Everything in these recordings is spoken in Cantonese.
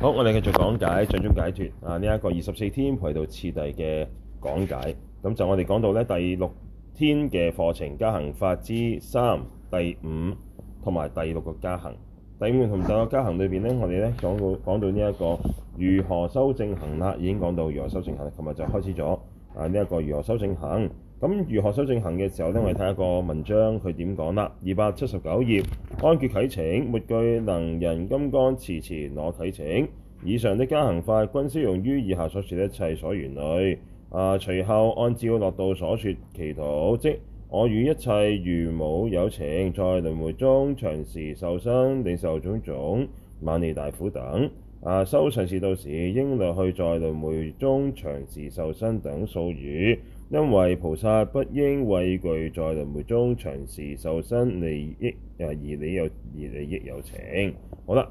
好，我哋繼續講解掌中解脱啊呢一個二十四天菩提道次第嘅講解，咁就我哋講到咧第六天嘅課程加行法之三第五同埋第六個加行，第五同第六個加行裏邊咧，我哋咧講到講到呢一個如何修正行啦，已經講到如何修正行，琴日就開始咗啊呢一個如何修正行。咁如何修正行嘅時候呢我哋睇一個文章，佢點講啦？二百七十九頁，安橛啟請，末句能仁金剛持前我啟請。以上的加行法均適用於以下所説一切所緣類。啊，隨後按照樂道所説祈禱，即我與一切如母有情，在輪迴中長時受生定受種種猛利大苦等。啊，修上士道時應略去在輪迴中長時受生等數語。因為菩薩不應畏懼，懼在輪迴中長時受生利益，利益、嗯、啊，而你有而利益有情。好啦，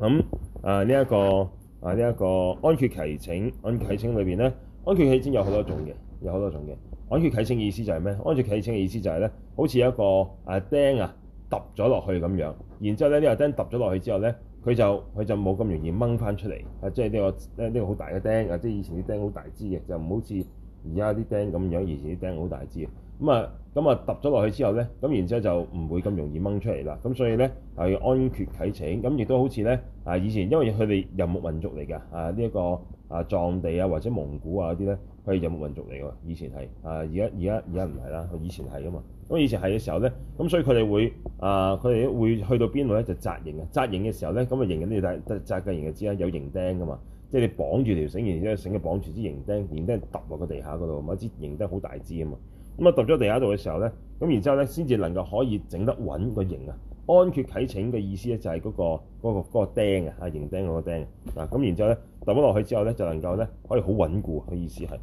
咁啊呢一個啊呢一個安橛啟請安橛啟請裏邊咧，安橛啟請有好多種嘅，有好多種嘅安橛啟請意思就係咩？安橛啟請嘅意思就係咧，好似一個啊釘啊揼咗落去咁樣，然之後咧呢、這個釘揼咗落去之後咧，佢就佢就冇咁容易掹翻出嚟啊！即係呢、這個呢呢、這個好大嘅釘啊！即係以前啲釘好大支嘅，就唔好似～而家啲釘咁樣，以前啲釘好大支嘅，咁啊咁啊揼咗落去之後咧，咁然之後就唔會咁容易掹出嚟啦，咁所以咧係、啊、安橛啟請，咁亦都好似咧啊以前因為佢哋遊牧民族嚟㗎啊呢一、這個啊藏地啊或者蒙古啊嗰啲咧，佢係遊牧民族嚟㗎，以前係啊，而家而家而家唔係啦，佢以前係㗎嘛，咁以前係嘅時候咧，咁所以佢哋會啊佢哋會去到邊度咧就紮營啊，扎營嘅時候咧咁啊營嗰啲大扎嘅營嘅之間有營釘㗎嘛。即係你綁住條繩，然之後繩嘅綁住支形釘，釘釘揼落個地下嗰度，某一支形釘好大支啊嘛。咁啊揼咗地下度嘅時候咧，咁然之後咧先至能夠可以整得穩個形啊。安橛啟請嘅意思咧就係嗰、嗰個嗰、嗰個、嗰個、釘釘啊，啊釘釘嗰個釘啊。咁然之後咧揼咗落去之後咧，就能夠咧可以好穩固嘅、呢個、意思係。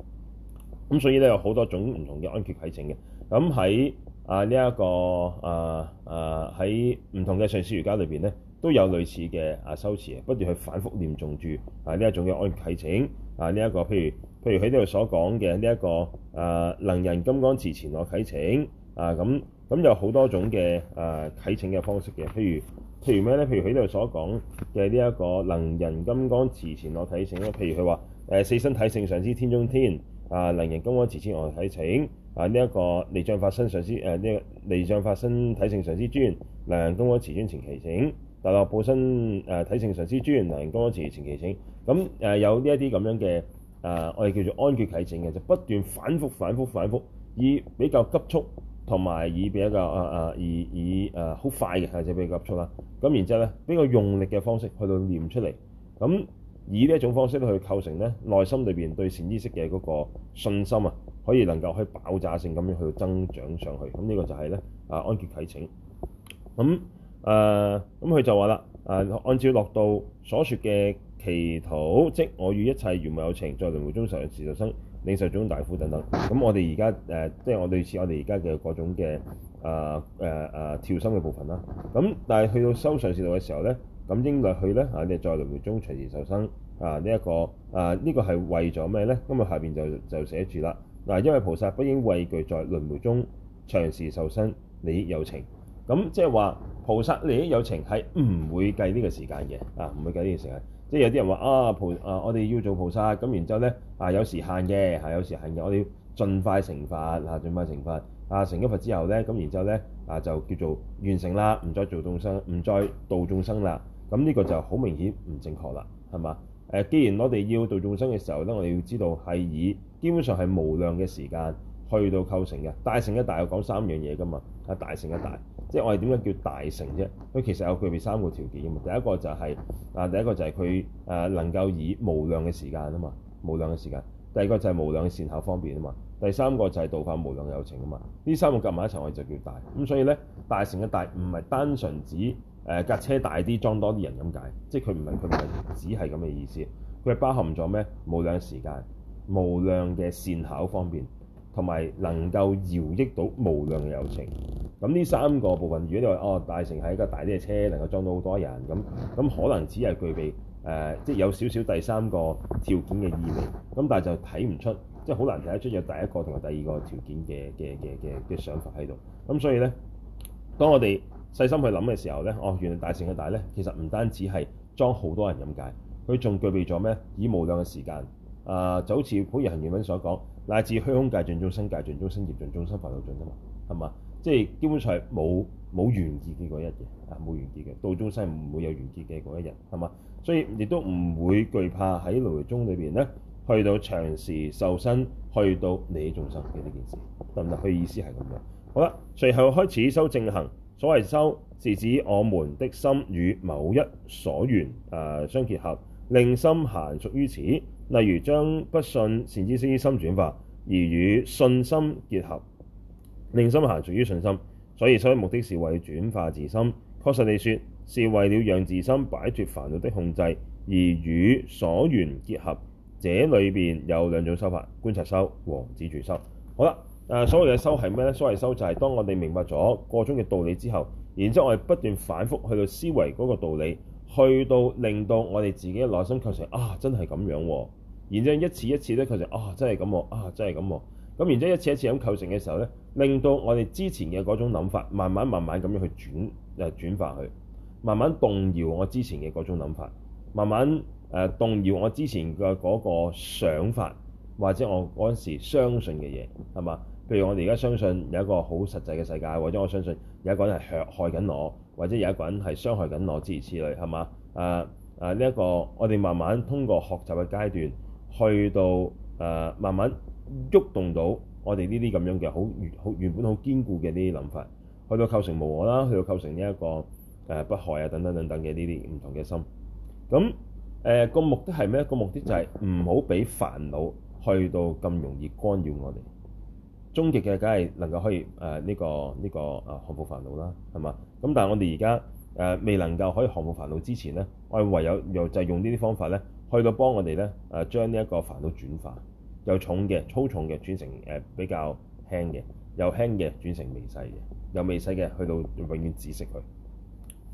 咁所以咧有好多種唔同嘅安橛啟請嘅。咁喺啊呢一個啊啊喺唔同嘅上師瑜伽裏邊咧。都有類似嘅啊，修辭啊，不如去反覆念重住。啊。呢一種嘅安橛啟請啊，呢一個譬如譬如喺呢度所講嘅呢一個啊能仁金剛持前我啟請啊，咁、uh, 咁有好多種嘅啊、uh, 啟請嘅方式嘅，譬如譬如咩咧？譬如喺呢度所講嘅呢一個能仁金剛持前我啟請咧，譬如佢話誒四身體性上師天中天啊，能仁金剛持前我啟請啊，呢、這、一個離障法身上師，誒、啊、呢、這個離障法身體性上師尊，能仁金剛持尊前祈請。第六補身誒體性上師朱元騰講一節前我啟請，咁、嗯、誒有呢一啲咁樣嘅誒、呃，我哋叫做安橛啟請嘅，就不斷反覆反覆反覆，以比較急速同埋以,以比較啊啊，而以誒好、啊、快嘅或者比較急速啦，咁然之後咧比較用力嘅方式去到唸出嚟，咁、嗯、以呢一種方式去構成咧，內心裏邊對善知識嘅嗰個信心啊，可以能夠去爆炸性咁樣去到增長上去，咁、嗯、呢、這個就係咧啊安橛啟請，咁、嗯。誒咁佢就話啦，誒、呃、按照樂道所説嘅祈禱，即我與一切如母有情，在輪迴中長時受生，領受種種大苦等等。咁、嗯、我哋而家誒，即係我類似我哋而家嘅各種嘅誒誒誒調心嘅部分啦。咁、嗯、但係去到修上士道嘅時候咧，咁應略去咧啊，你哋在輪迴中長時受生啊，這個啊這個、呢一個啊呢個係為咗咩咧？咁啊下邊就就寫住啦嗱，因為菩薩不應畏懼，懼在輪迴中長時受生利益有情。咁即係話，菩薩利益有情係唔會計呢個時間嘅，啊唔會計呢個時間。即係有啲人話啊菩啊，我哋要做菩薩，咁然之後咧啊有時限嘅，係、啊、有時限嘅，我哋要盡快成佛，啊盡快成佛，啊成咗佛之後咧，咁然之後咧啊就叫做完成啦，唔再做眾生，唔再度眾生啦。咁呢個就好明顯唔正確啦，係嘛？誒、啊，既然我哋要度眾生嘅時候咧，我哋要知道係以基本上係無量嘅時間。去到構成嘅大乘嘅大，我講三樣嘢㗎嘛。啊，大乘嘅大，即係我哋點解叫大乘啫？佢其實具備三個條件啊嘛。第一個就係、是、啊，第一個就係佢誒能夠以無量嘅時間啊嘛，無量嘅時間。第二個就係無量嘅善巧方便啊嘛。第三個就係度化無量有情啊嘛。呢三個夾埋一齊，我哋就叫大咁。所以咧，大乘嘅大唔係單純指誒架、啊、車大啲裝多啲人咁解，即係佢唔係佢唔係只係咁嘅意思。佢係包含咗咩？無量嘅時間、無量嘅善巧方便。同埋能夠饒益到無量嘅有情，咁呢三個部分，如果你話哦大乘係一個大啲嘅車，能夠裝到好多人，咁咁可能只係具備誒，即、呃、係、就是、有少少第三個條件嘅意味，咁但係就睇唔出，即係好難睇得出有第一個同埋第二個條件嘅嘅嘅嘅嘅想法喺度，咁所以呢，當我哋細心去諗嘅時候呢，哦原來大乘嘅大呢，其實唔單止係裝好多人咁解，佢仲具備咗咩？以無量嘅時間，啊、呃、就好似普賢行願品所講。乃至虛空界盡，眾生界盡，眾生業盡，眾生法道盡啊嘛，係嘛？即係基本上係冇冇完結嘅嗰一日啊，冇完結嘅到眾生唔會有完結嘅嗰一日，係嘛？所以亦都唔會懼怕喺輪迴中裏邊咧，去到長時受生，去到你眾生嘅呢件事，得唔得？佢意思係咁樣。好啦，隨後開始修正行。所謂修，是指我們的心與某一所緣誒、呃、相結合，令心慣熟於此。例如將不信善知識心轉化，而與信心結合，令心慣熟於信心。所以所以目的是為轉化自心。確實地說，是為了讓自心擺脫煩惱的控制，而與所緣結合。這裡邊有兩種修法：觀察修和止住修。好啦，誒，所謂嘅修係咩呢？所謂修就係當我哋明白咗個中嘅道理之後，然之後我哋不斷反覆去到思維嗰個道理，去到令到我哋自己嘅內心確成啊，真係咁樣喎、啊！然之後一次一次咧構成，啊、哦、真係咁喎，啊、哦、真係咁喎。咁然之後一次一次咁構成嘅時候咧，令到我哋之前嘅嗰種諗法慢慢慢慢咁樣去轉誒轉化去，慢慢動搖我之前嘅嗰種諗法，慢慢誒動搖我之前嘅嗰個想法，或者我嗰陣時相信嘅嘢係嘛？譬如我哋而家相信有一個好實際嘅世界，或者我相信有一個人係害害緊我，或者有一個人係傷害緊我，諸如此類係嘛？誒誒呢一個我哋慢慢通過學習嘅階段。去到誒、呃、慢慢喐動,動到我哋呢啲咁樣嘅好原好原本好堅固嘅呢啲諗法，去到構成無我啦，去到構成呢一個誒、呃、不害啊等等等等嘅呢啲唔同嘅心。咁誒個目的係咩？個目的就係唔好俾煩惱去到咁容易干擾我哋。終極嘅梗係能夠可以誒呢、呃呢個呢、呢個啊降服煩惱啦，係嘛？咁但係我哋而家誒未能夠可以降服煩惱之前咧，我哋唯有又就係用呢啲方法咧。去到幫我哋咧，誒將呢一個煩惱轉化，由重嘅粗重嘅轉成誒、呃、比較輕嘅，由輕嘅轉成微細嘅，由微細嘅去到永遠止息佢。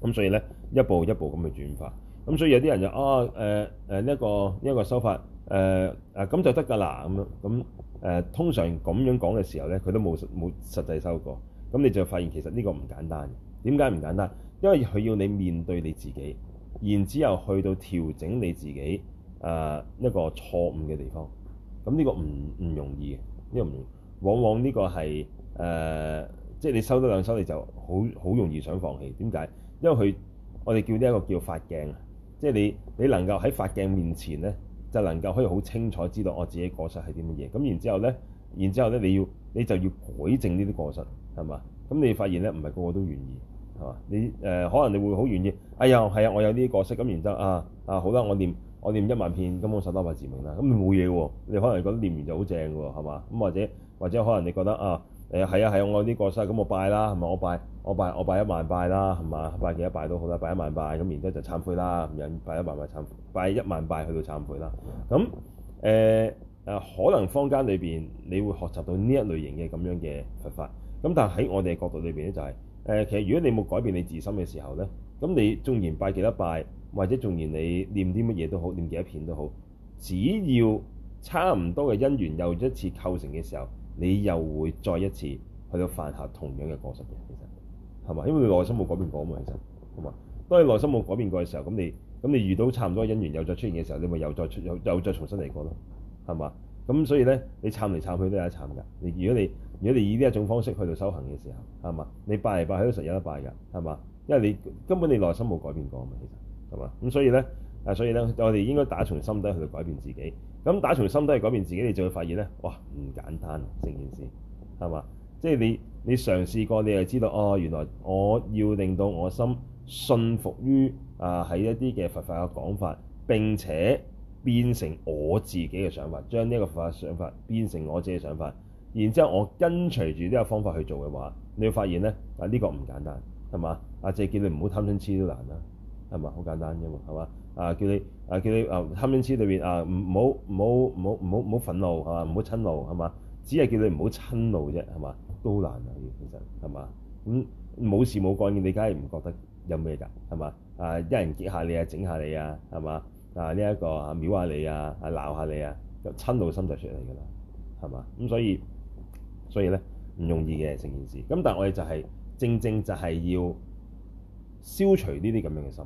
咁所以咧，一步一步咁去轉化。咁、嗯、所以有啲人就哦，誒誒呢一個呢一、這個修法，誒誒咁就得㗎啦，咁樣咁誒、呃、通常咁樣講嘅時候咧，佢都冇實冇實際修過。咁、嗯、你就發現其實呢個唔簡單嘅。點解唔簡單？因為佢要你面對你自己。然之後去到調整你自己，誒、呃、一個錯誤嘅地方，咁、這、呢個唔唔容易呢、這個唔容易。往往呢個係誒、呃，即係你收得兩手，你就好好容易想放棄。點解？因為佢我哋叫呢一個叫做法鏡啊，即係你你能夠喺法鏡面前呢，就能夠可以好清楚知道我自己過失係啲乜嘢。咁然之後呢，然之後呢，你要你就要改正呢啲過失，係嘛？咁你發現呢，唔係個個都願意。你誒、呃、可能你會好願意，哎呀係啊，我有呢啲角色咁，然之後啊啊好啦，我念我念一萬遍，咁我十多位自明啦，咁冇嘢喎，你可能覺得念完就好正喎，係嘛？咁或者或者可能你覺得啊誒係、哎、啊係啊，我有啲角色咁我拜啦，係、嗯、咪？我拜我拜我拜一萬拜啦，係嘛？拜幾百拜都好啦，拜一萬拜咁，然之後就懺悔啦咁樣，拜一萬拜懺悔。拜一萬拜去到懺悔啦。咁誒誒可能坊間裏邊你會學習到呢一類型嘅咁樣嘅佛法，咁但係喺我哋角度裏邊咧就係、是。誒、呃，其實如果你冇改變你自身嘅時候呢，咁你縱然拜幾多拜，或者縱然你念啲乜嘢都好，念幾多片都好，只要差唔多嘅因緣又一次構成嘅時候，你又會再一次去到犯下同樣嘅過失嘅，其實係嘛？因為你內心冇改變過啊嘛，其實係嘛？當你內心冇改變過嘅時候，咁你咁你遇到差唔多嘅因緣又再出現嘅時候，你咪又再出又再重新嚟過咯，係嘛？咁所以呢，你慘嚟慘去都係慘㗎。你如果你如果你以呢一種方式去到修行嘅時候，係嘛？你拜嚟拜去都實有得拜㗎，係嘛？因為你根本你內心冇改變過嘛，其實係嘛？咁所以咧，啊所以咧，我哋應該打從心底去到改變自己。咁打從心底去改變自己，你就會發現咧，哇，唔簡單，成件事係嘛？即係、就是、你你嘗試過，你就知道哦，原來我要令到我心信服於啊喺一啲嘅佛法嘅講法，並且變成我自己嘅想法，將呢個佛法想法變成我自己嘅想法。然之後，我跟隨住呢個方法去做嘅話，你會發現咧啊，呢個唔簡單，係嘛？阿姐叫你唔好貪嗔痴都難啦，係嘛？好簡單啫嘛，係嘛？啊，叫你啊，叫你啊貪嗔痴裏邊啊，唔好唔好唔好唔好唔好憤怒，係嘛？唔好嗔怒，係嘛？只係叫你唔好嗔怒啫，係嘛？都好難啊！其實係嘛？咁冇事冇幹嘅，你梗係唔覺得有咩㗎，係嘛？啊，一人激下你啊，整下你啊係嘛？啊呢一個啊秒下你啊啊鬧下你啊，嗔怒心就出嚟㗎啦，係嘛？咁所以。所以咧，唔容易嘅成件事，咁但係我哋就係、是、正正就係要消除呢啲咁樣嘅心。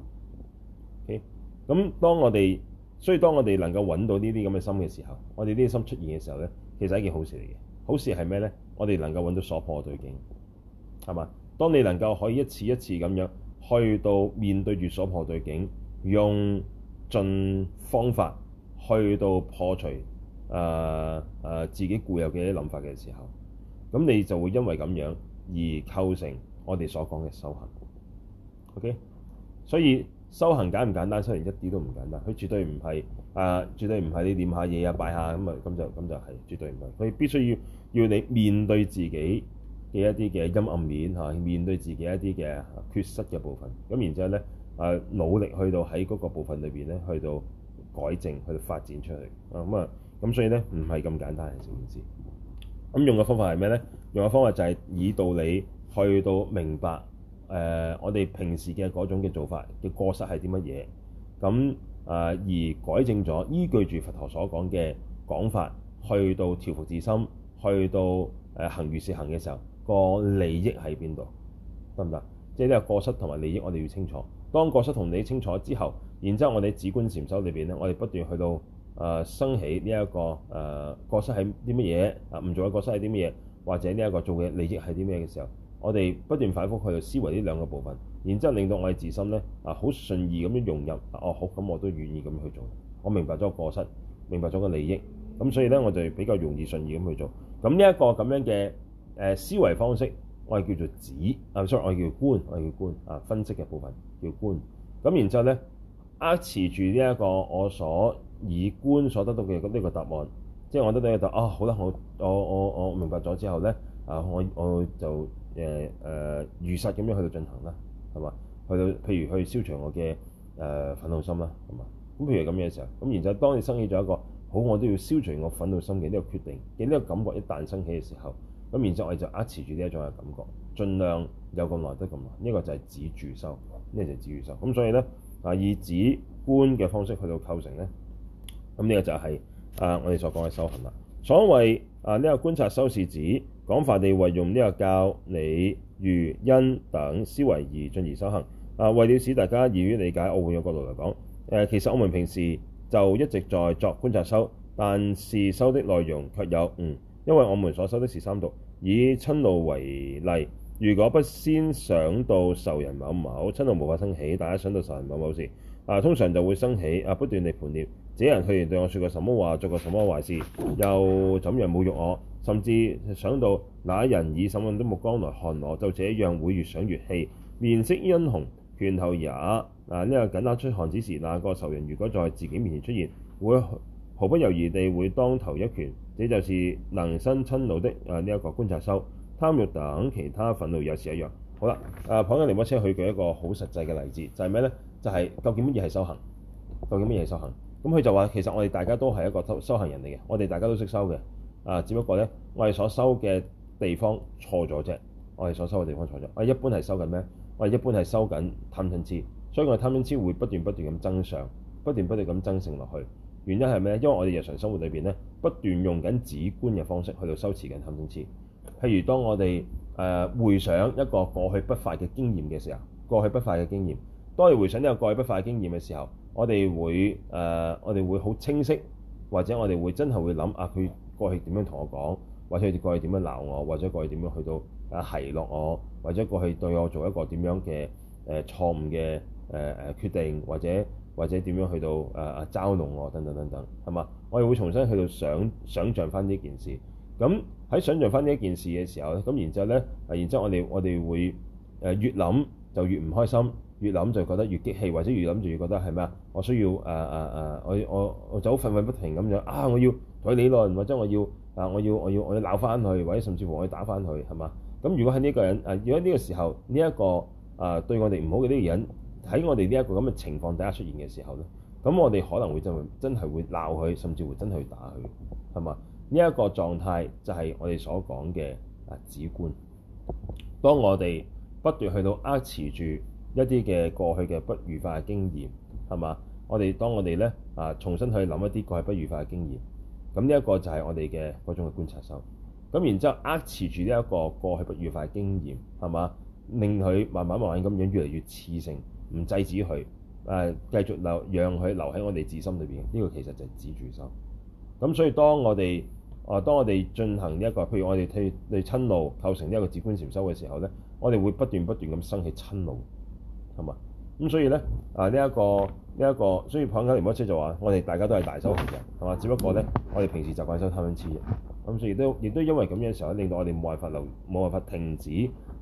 咁、okay? 當我哋，所以當我哋能夠揾到呢啲咁嘅心嘅時候，我哋呢啲心出現嘅時候咧，其實係一件好事嚟嘅。好事係咩咧？我哋能夠揾到所破對境，係嘛？當你能夠可以一次一次咁樣去到面對住所破對境，用盡方法去到破除誒誒、呃呃、自己固有嘅一啲諗法嘅時候。咁你就會因為咁樣而構成我哋所講嘅修行，OK？所以修行簡唔簡單？雖然一啲都唔簡單，佢絕對唔係啊，絕對唔係你念下嘢啊、拜下咁啊，咁就咁就係絕對唔係。佢必須要要你面對自己嘅一啲嘅陰暗面嚇、啊，面對自己一啲嘅缺失嘅部分。咁、啊、然之後咧啊，努力去到喺嗰個部分裏邊咧，去到改正，去到發展出去啊。咁啊，咁所以咧唔係咁簡單嘅，知唔知？咁用嘅方法係咩呢？用嘅方法就係以道理去到明白，誒、呃，我哋平時嘅嗰種嘅做法嘅過失係啲乜嘢？咁啊、呃，而改正咗，依據住佛陀所講嘅講法，去到調伏自心，去到誒行如是行嘅時候，個利益喺邊度？得唔得？即係呢個過失同埋利益，我哋要清楚。當過失同理清楚之後，然之後我哋止觀禪修裏邊咧，我哋不斷去到。誒生、呃、起呢、這、一個誒過、呃、失係啲乜嘢啊？唔做嘅角色係啲乜嘢？或者呢一個做嘅利益係啲咩嘅時候，我哋不斷反覆去思維呢兩個部分，然之後令到我哋自心咧啊，好順意咁樣融入啊。哦，好，咁我都願意咁去做。我明白咗個過失，明白咗個利益，咁所以咧我就比較容易順意咁去做。咁呢一個咁樣嘅誒、呃、思維方式，我係叫做止啊 sorry 我係叫觀，我係叫觀，啊，分析嘅部分叫觀。咁然之後咧，啊持住呢一個我所。以觀所得到嘅呢個答案，即係我得到答啊，好啦，我我我我明白咗之後咧，啊，我我就誒誒如實咁樣去到進行啦，係嘛？去到譬如去消除我嘅誒、呃、憤怒心啦，係嘛？咁譬如咁嘅時候，咁然之後當你生起咗一個好，我都要消除我憤怒心嘅呢個決定嘅呢個感覺一旦生起嘅時候，咁然之後我哋就壓持住呢一種嘅感覺，儘量有咁耐得咁耐，呢、這個就係止住修，呢、這個就係止住修。咁所以咧啊，以止觀嘅方式去到構成咧。咁呢、嗯這個就係、是、啊，我哋所講嘅修行啦。所謂啊呢、這個觀察修是指廣泛地應用呢個教、理、喻、因等思維而進而修行。啊，為了使大家易於理解，我換個角度嚟講，誒、啊、其實我們平時就一直在作觀察修，但是修的內容卻有誤，嗯，因為我們所修的是三毒。以瞋恚為例，如果不先想到仇人某某，瞋恚無法生起。大家想到仇人某某事啊，通常就會生起啊，不斷地盤念，這人去年對我說過什麼話，做過什麼壞事，又怎樣侮辱我，甚至想到那人以什麼的目光來看我，就這樣會越想越氣，面色殷紅，拳頭也嗱呢、啊這個緊握出汗子時，那個仇人如果在自己面前出現，會毫不猶豫地會當頭一拳。這就是能生瞋怒的啊呢一、這個觀察修。貪欲等其他憤怒也是一樣。好啦，啊旁人嚟摩車去嘅一個好實際嘅例子就係、是、咩呢？就係、是、究竟乜嘢係修行？究竟乜嘢係修行？咁佢就話：其實我哋大家都係一個修修行人嚟嘅，我哋大家都識修嘅。啊，只不過呢，我哋所修嘅地方錯咗啫。我哋所修嘅地方錯咗。我一般係修緊咩？我係一般係修緊貪嗔痴。所以我哋貪嗔痴會不斷不斷咁增上，不斷不斷咁增盛落去。原因係咩咧？因為我哋日常生活裏邊呢，不斷用緊止觀嘅方式去到修持緊貪嗔痴。譬如當我哋誒、呃、回想一個過去不快嘅經驗嘅時候，過去不快嘅經驗，當你回想一個過去不快嘅經驗嘅時候。我哋會誒、呃，我哋會好清晰，或者我哋會真係會諗啊，佢過去點樣同我講，或者佢過去點樣鬧我，或者過去點樣去到啊奚落我，或者過去對我做一個點樣嘅誒、呃、錯誤嘅誒誒決定，或者或者點樣去到誒誒、呃、嘲弄我等等等等，係嘛？我哋會重新去到想想像翻呢件事，咁喺想像翻呢件事嘅時候咧，咁然之後咧，啊然之後我哋我哋會誒越諗就越唔開心。越諗就覺得越激氣，或者越諗就越覺得係咩啊？我需要誒誒誒，我我我就好，憤憤不停咁樣啊！我要同佢理論，或者我要啊，我要我要我要鬧翻佢，或者甚至乎我要打翻佢，係嘛？咁如果喺呢個人誒、呃，如果呢個時候呢一、呢個啊、呃、對我哋唔好嘅呢個人喺我哋呢一個咁嘅情況底下出現嘅時候咧，咁我哋可能真會真真係會鬧佢，甚至會真係會打佢，係嘛？呢、呢、一個狀態就係我哋所講嘅啊止觀。當我哋不斷去到呃持住。一啲嘅過去嘅不愉快嘅經驗係嘛？我哋當我哋咧啊，重新去諗一啲過去不愉快嘅經驗，咁呢一個就係我哋嘅嗰種嘅觀察修。咁然之後，握持住呢一個過去不愉快嘅經驗係嘛，令佢慢慢慢慢咁樣越嚟越熾盛，唔制止佢誒、啊，繼續留讓佢留喺我哋自心裏邊。呢、這個其實就係止住修。咁所以當我哋啊，當我哋進行呢、這、一個，譬如我哋對對親怒構成呢一個自觀禪修嘅時候咧，我哋會不斷不斷咁生起親怒。同埋咁，所以咧啊，呢一個呢一個，所以帕繃喀仁波切就話：我哋大家都係大修行人，係嘛？只不過咧，我哋平時習慣修貪嗔痴嘅，咁、嗯、所以都亦都因為咁嘅時候，令到我哋冇辦法流冇辦法停止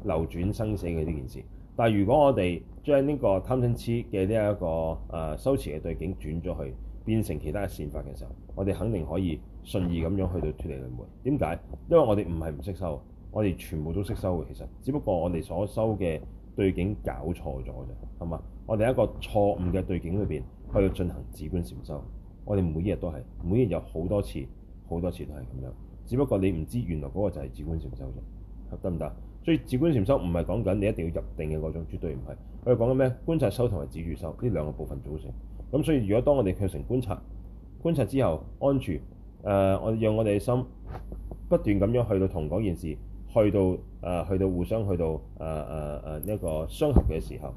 流轉生死嘅呢件事。但係如果我哋將呢個貪嗔痴嘅呢一個啊修持嘅對境轉咗去，變成其他嘅善法嘅時候，我哋肯定可以順意咁樣去到脫離輪迴。點解？因為我哋唔係唔識修，我哋全部都識修嘅。其實只不過我哋所修嘅。對境搞錯咗嘅，係嘛？我哋一個錯誤嘅對境裏邊，去進行止觀禪修。我哋每日都係，每日有好多次，好多次都係咁樣。只不過你唔知原來嗰個就係止觀禪修啫，得唔得？所以止觀禪修唔係講緊你一定要入定嘅嗰種，絕對唔係。我哋講緊咩？觀察修同埋止住修呢兩個部分組成。咁所以如果當我哋完成觀察，觀察之後安住，誒、呃，我哋讓我哋嘅心不斷咁樣去到同嗰件事。去到啊、呃，去到互相去到啊啊啊呢一個相合嘅時候，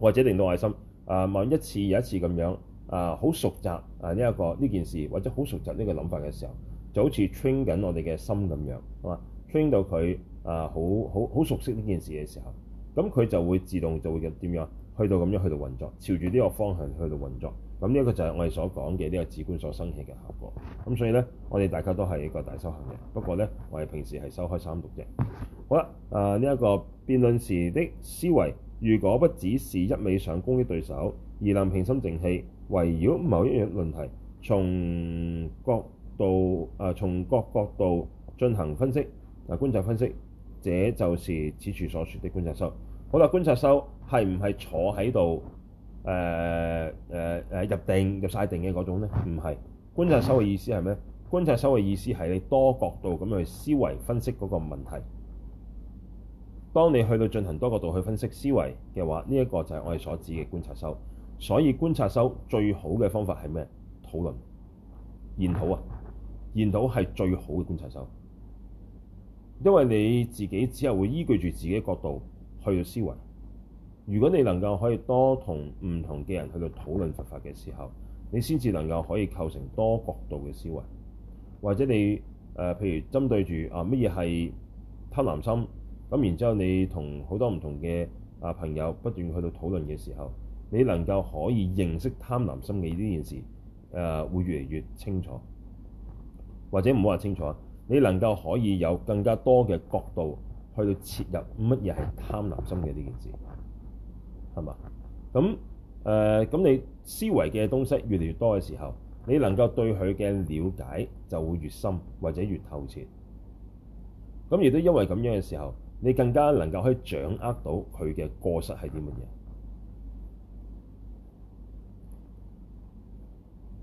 或者令到愛心啊，望、呃、一次又一次咁樣啊，好、呃、熟習啊呢一個呢件事，或者好熟習呢個諗法嘅時候，就好似 train 緊我哋嘅心咁樣，係嘛？train 到佢啊，呃、好好好熟悉呢件事嘅時候，咁佢就會自動就會點樣去到咁樣去到運作，朝住呢個方向去到運作。咁呢一個就係我哋所講嘅呢個指觀所生起嘅效果。咁所以呢，我哋大家都係一個大修行嘅。不過呢，我哋平時係修開三毒啫。好啦，啊呢一個辯論時的思維，如果不只是一味想攻擊對手，而能平心靜氣，圍繞某一樣論題，從角度啊，從、呃、各角度進行分析、啊、呃、觀察分析，這就是此處所說的觀察修。好啦，觀察修係唔係坐喺度？誒、誒、誒入定入晒定嘅嗰種咧，唔係。觀察修嘅意思係咩？觀察修嘅意思係你多角度咁去思維分析嗰個問題。當你去到進行多角度去分析思維嘅話，呢一個就係我哋所指嘅觀察修。所以觀察修最好嘅方法係咩？討論、研討啊，研討係最好嘅觀察修，因為你自己只係會依據住自己角度去思維。如果你能夠可以多同唔同嘅人去到討論佛法嘅時候，你先至能夠可以構成多角度嘅思維，或者你誒、呃、譬如針對住啊乜嘢係貪婪心，咁然之後你同好多唔同嘅啊朋友不斷去到討論嘅時候，你能夠可以認識貪婪心嘅呢件事誒、呃，會越嚟越清楚，或者唔好話清楚，你能夠可以有更加多嘅角度去到切入乜嘢係貪婪心嘅呢件事。係嘛？咁誒咁，呃、你思維嘅東西越嚟越多嘅時候，你能夠對佢嘅了解就會越深或者越透徹。咁亦都因為咁樣嘅時候，你更加能夠可以掌握到佢嘅過失係啲乜嘢。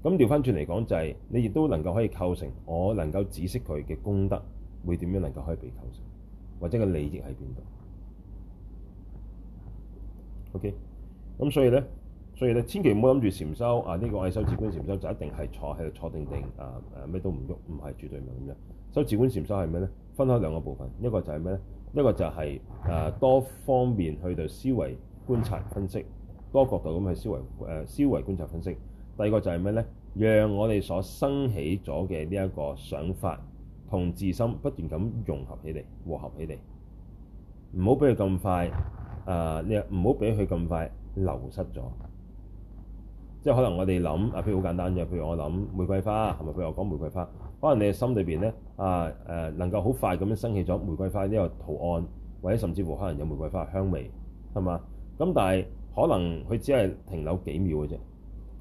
咁調翻轉嚟講就係、是，你亦都能夠可以構成我能夠指識佢嘅功德會點樣能夠可以被構成，或者佢嘅利益喺邊度？OK，咁所以咧，所以咧，千祈唔好諗住禪修啊！呢、這個係修自觀，禪修就一定係坐喺度坐定定啊，誒、啊、咩都唔喐，唔係絕對唔係咁樣。修自觀，禪修係咩咧？分開兩個部分，一個就係咩咧？一個就係、是、誒、呃、多方面去對思維觀察分析，多角度咁去思維誒、呃、思維觀察分析。第二個就係咩咧？讓我哋所生起咗嘅呢一個想法同自心不斷咁融合起嚟，和合起嚟，唔好俾佢咁快。啊！你唔好俾佢咁快流失咗，即係可能我哋諗啊，譬如好簡單嘅，譬如我諗玫瑰花，係咪？譬如我講玫瑰花，可能你嘅心裏邊咧啊，誒、啊、能夠好快咁樣升起咗玫瑰花呢個圖案，或者甚至乎可能有玫瑰花香味，係嘛？咁但係可能佢只係停留幾秒嘅啫，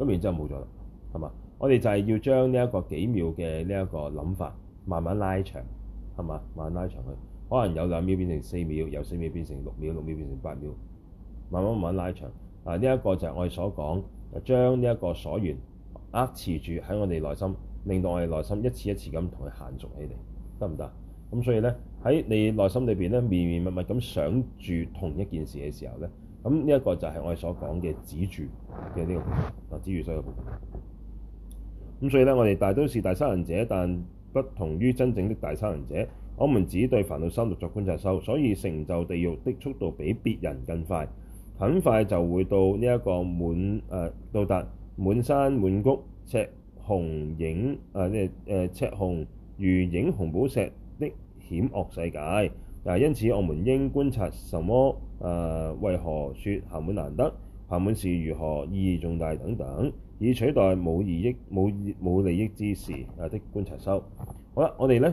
咁然之後冇咗啦，係嘛？我哋就係要將呢一個幾秒嘅呢一個諗法慢慢拉長，係嘛？慢慢拉長佢。可能有兩秒變成四秒，由四秒變成六秒，六秒變成八秒，慢慢慢慢拉長。嗱、啊，呢、這、一個就係我哋所講，將呢一個所緣握持住喺我哋內心，令到我哋內心一次一次咁同佢延續起嚟，得唔得？咁所以呢，喺你內心裏邊呢，綿綿密密咁想住同一件事嘅時候、這個、呢，咁呢一個就係我哋所講嘅止住嘅呢個啊，止住所有，咁所以咧，我哋大都是大修行者，但不同於真正的大修行者。我們只對煩惱三毒作觀察修，所以成就地獄的速度比別人更快，很快就會到呢一個滿誒、呃、到達滿山滿谷赤紅影啊，即係誒赤紅如影紅寶石的險惡世界。嗱，因此我們應觀察什麼誒、呃？為何説暇滿難得？暇滿是如何意義重大等等，以取代冇利益冇冇利益之事誒的觀察修。好啦，我哋咧。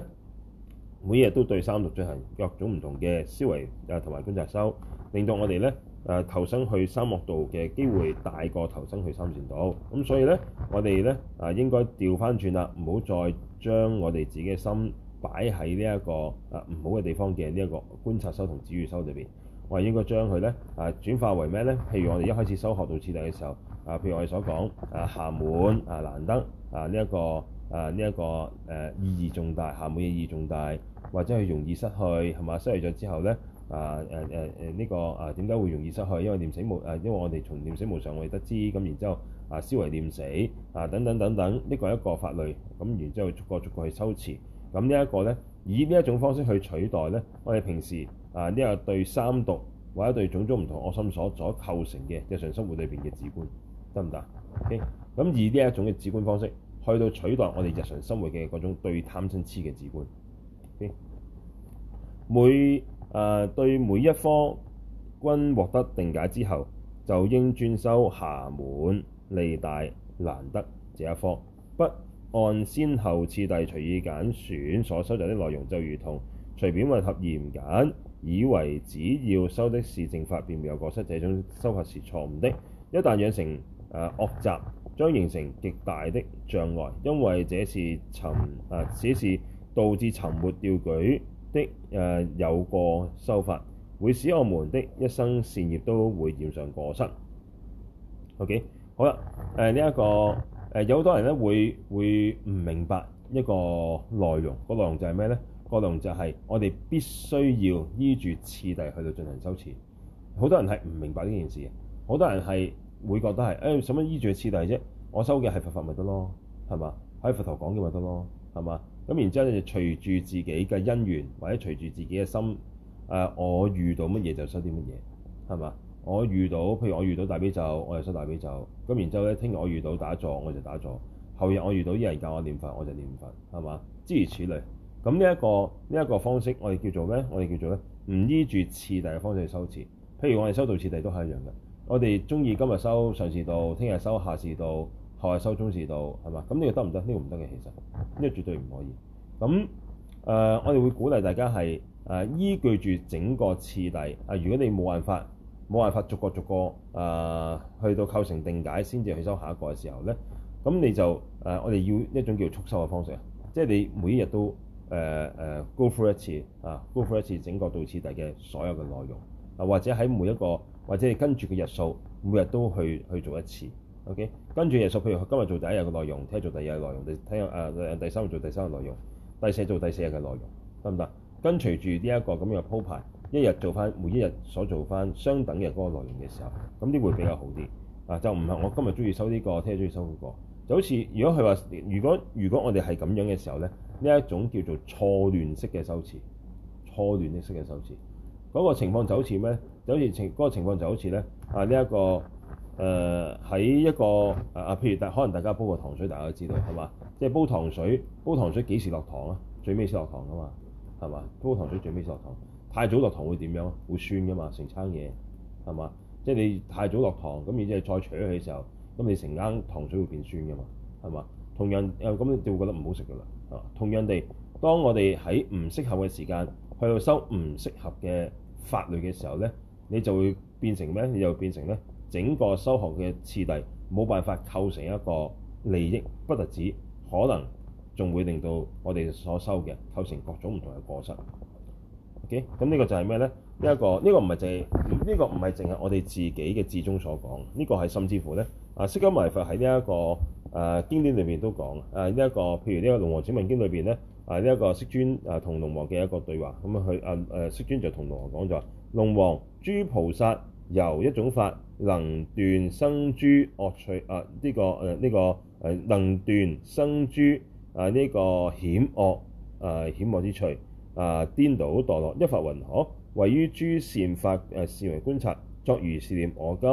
每日都對三毒進行各種唔同嘅思維，誒同埋觀察修，令到我哋咧誒投身去三惡道嘅機會大過投身去三善道。咁所以咧，我哋咧啊應該調翻轉啦，唔好再將我哋自己嘅心擺喺呢一個啊唔好嘅地方嘅呢一個觀察修同止住修裏邊。我哋應該將佢咧啊轉化為咩咧？譬如我哋一開始修學道次第嘅時候，啊譬如我哋所講啊，暇滿啊，難得啊呢一個啊呢一個誒、啊啊、意義重大，暇滿嘅意義重大。或者係容易失去係嘛？失去咗之後咧啊誒誒誒呢個啊點解會容易失去？因為念死無誒、啊，因為我哋從念死無常我哋得知咁，然之後思維啊，思維念死啊等等等等，呢、這個係一個法類咁，然之後逐個逐個，逐個去修持咁呢一個咧，以呢一種方式去取代咧我哋平時啊呢、這個對三毒或者對種種唔同惡心所所構成嘅日常生活裏邊嘅自觀得唔得？OK 咁、嗯，以呢一種嘅自觀方式去到取代我哋日常生活嘅嗰種對貪嗔痴嘅自觀。每啊、呃、對每一科均獲得定解之後，就應專修「暇滿、利大、難得這一科，不按先後次第隨意揀選，選所收集的內容，就如同隨便混合鹼鹽，以為只要修的是正法便沒有過失，這種修法是錯誤的。一旦養成啊惡習，將、呃、形成極大的障礙，因為這是沉啊，只、呃、是導致沉沒掉舉，的誒、呃、有個修法，會使我們的一生善業都會染上過失。OK，好啦，誒呢一個誒、呃、有好多人咧會會唔明白一個內容，個內容就係咩咧？個內容就係我哋必須要依住次第去到進行修持。好多人係唔明白呢件事嘅，好多人係會覺得係誒使乜依住次第啫？我修嘅係佛法咪得咯，係嘛？喺佛陀講嘅咪得咯，係嘛？咁然之後，就隨住自己嘅因緣，或者隨住自己嘅心，誒、呃，我遇到乜嘢就修啲乜嘢，係嘛？我遇到，譬如我遇到大悲咒，我就修大悲咒。咁然之後咧，聽日我遇到打坐，我就打坐；後日我遇到啲人教我念佛，我就念佛，係嘛？諸如此類。咁呢一個呢一、這個方式我，我哋叫做咩？我哋叫做咧，唔依住次第嘅方式去修持。譬如我哋修道次第都係一樣嘅，我哋中意今日修上士道，聽日修下士道。佢收中時度係嘛？咁呢個得唔得？呢、這個唔得嘅，其實呢個絕對唔可以。咁誒、呃，我哋會鼓勵大家係誒、呃、依據住整個次第啊、呃。如果你冇辦法冇辦法逐個逐個誒、呃、去到構成定解，先至去收下一個嘅時候咧，咁你就誒、呃、我哋要一種叫速收嘅方式啊，即係你每一日都誒誒、呃呃、go through 一次啊，go through 一次整個道次第嘅所有嘅內容啊、呃，或者喺每一個或者係跟住嘅日數，每日都去去做一次。O.K. 跟住日數，譬如今日做第一日嘅內容，聽日做第二日內容，聽誒誒第三日做第三日內容，第四做第四日嘅內容，得唔得？跟隨住呢一個咁樣嘅鋪排，一日做翻每一日所做翻相等嘅嗰個內容嘅時候，咁啲會比較好啲啊！就唔係我今日中意收呢、這個，聽日中意收嗰、這個就好似如果佢話，如果如果我哋係咁樣嘅時候咧，呢一種叫做錯亂式嘅收詞，錯亂式嘅收詞嗰、那個情況就好似咩、那個、就好似情嗰個情況就好似咧啊呢一個。那個誒喺、呃、一個誒啊、呃，譬如大可能大家煲個糖水，大家都知道係嘛？即係煲糖水，煲糖水幾時落糖啊？最尾先落糖噶嘛，係嘛？煲糖水最尾先落糖，太早落糖會點樣啊？會酸噶嘛，成餐嘢係嘛？即係你太早落糖咁，然之後再除咗佢嘅時候，咁你成羹糖水會變酸噶嘛？係嘛？同樣誒咁你就會覺得唔好食噶啦啊！同樣地，當我哋喺唔適合嘅時間去到收唔適合嘅法律嘅時候咧，你就會變成咩？你就會變成咧。整個修學嘅次第冇辦法構成一個利益，不特止，可能仲會令到我哋所修嘅構成各種唔同嘅過失。OK，咁，嗯，呢個就係咩咧？呢一個呢個唔係淨係呢個唔係淨係我哋自己嘅字中所講，呢個係甚至乎咧啊，釋迦牟尼佛喺呢一個誒、呃、經典裏邊都講啊呢一個，譬如呢個《龍王轉聞經》裏邊咧啊呢一個釋尊啊同龍王嘅一個對話咁啊佢誒誒釋尊就同龍王講咗話：「龍王，諸菩薩由一種法。能斷生諸惡趣啊！呢、這個誒呢、啊這個誒能斷生諸啊呢、這個險惡啊險惡之趣啊，顛倒墮落一法雲河，位於諸善法誒善為觀察作如是念我今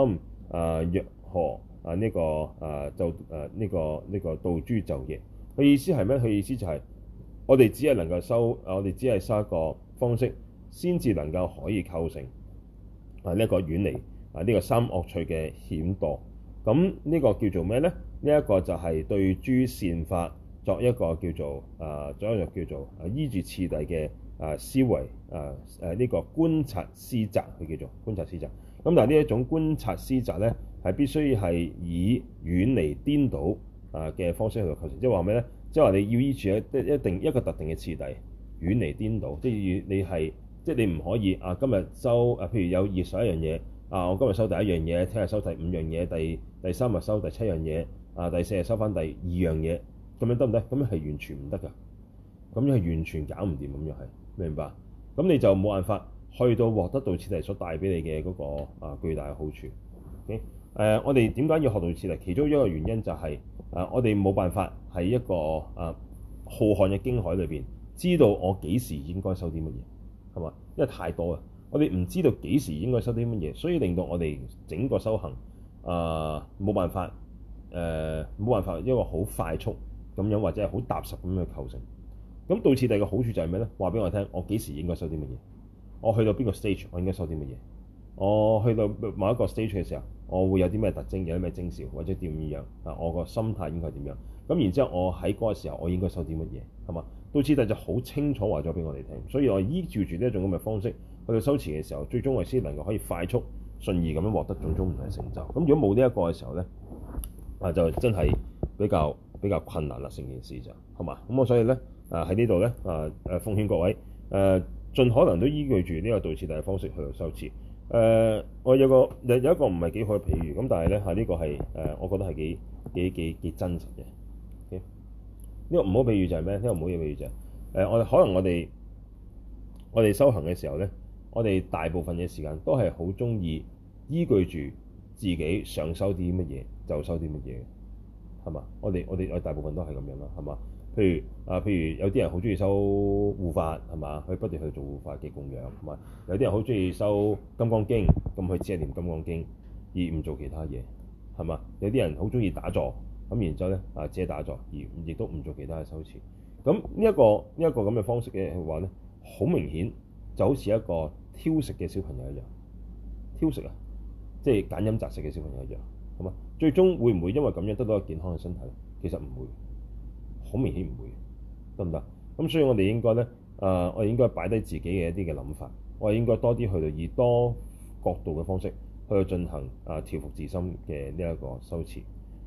啊若何啊呢、這個啊就誒呢個呢、啊這個度、啊這個啊這個、諸就業。佢、啊、意思係咩？佢意思就係、是、我哋只係能夠修我哋只係修一個方式，先至能夠可以構成啊呢一、啊這個遠離。啊！呢、這個三惡趣嘅險道，咁、這、呢個叫做咩咧？呢、這、一個就係對諸善法作一個叫做啊，再一就叫做依住次第嘅啊思維啊誒呢、啊這個觀察思擇，佢叫做觀察思擇。咁、嗯、但係呢一種觀察思擇咧，係必須係以遠離顛倒啊嘅方式去到構成。即係話咩咧？即係話你要依住一一定一個特定嘅次第遠離顛倒，即係你係即係你唔可以啊。今日收誒，譬如有熱水一樣嘢。啊！我今日收第一樣嘢，聽日收第五樣嘢，第第三日收第七樣嘢，啊第四日收翻第二樣嘢，咁樣得唔得？咁樣係完全唔得噶，咁樣係完全搞唔掂，咁樣係、就是、明白。咁你就冇辦法去到獲得到次第所帶俾你嘅嗰個啊巨大嘅好處。誒、okay? 啊，我哋點解要學到次第？其中一個原因就係、是、啊，我哋冇辦法喺一個啊浩瀚嘅經海裏邊，知道我幾時應該收啲乜嘢，係嘛？因為太多啦。我哋唔知道幾時應該收啲乜嘢，所以令到我哋整個修行啊冇、呃、辦法，誒、呃、冇辦法，因為好快速咁樣，或者係好踏實咁樣去構成。咁到次第個好處就係咩咧？話俾我聽，我幾時應該收啲乜嘢？我去到邊個 stage，我應該收啲乜嘢？我去到某一個 stage 嘅時候，我會有啲咩特徵，有啲咩徵兆，或者點樣啊？我個心態應該係點樣？咁然之後，我喺嗰個時候，我應該收啲乜嘢？係嘛？到次第就好清楚話咗俾我哋聽，所以我依照住呢一種咁嘅方式。去到修持嘅時候，最終為師能夠可以快速順意咁樣獲得種種唔同嘅成就。咁如果冇呢一個嘅時候咧，啊就真係比較比較困難啦，成件事就係嘛。咁我所以咧，啊喺呢度咧，啊、呃、誒奉勸各位誒、呃、盡可能都依據住呢個道次第嘅方式去修持。誒、呃、我有個有有一個唔係幾好嘅比喻，咁但係咧嚇呢、這個係誒、呃、我覺得係幾幾幾幾真實嘅。呢、okay? 個唔好比喻就係咩？呢、這個唔好嘢比喻就係、是、誒、呃、我可能我哋我哋修行嘅時候咧。我哋大部分嘅時間都係好中意依據住自己想收啲乜嘢就收啲乜嘢，係嘛？我哋我哋我大部分都係咁樣啦，係嘛？譬如啊，譬如有啲人好中意收護法，係嘛？佢不斷去做護法嘅供養，係嘛？有啲人好中意收《金剛經》，咁佢只係念《金剛經》，而唔做其他嘢，係嘛？有啲人好中意打坐，咁然之後咧啊，只係打坐，而亦都唔做其他嘅修持。咁呢一個呢一個咁嘅方式嘅話咧，好明顯就好似一個挑食嘅小朋友一樣，挑食啊，即係揀飲擇食嘅小朋友一樣，係嘛？最終會唔會因為咁樣得到一個健康嘅身體？其實唔會，好明顯唔會，得唔得？咁所以我哋應該咧，誒、呃，我哋應該擺低自己嘅一啲嘅諗法，我哋應該多啲去到以多角度嘅方式去進行啊調伏自心嘅呢一個修持。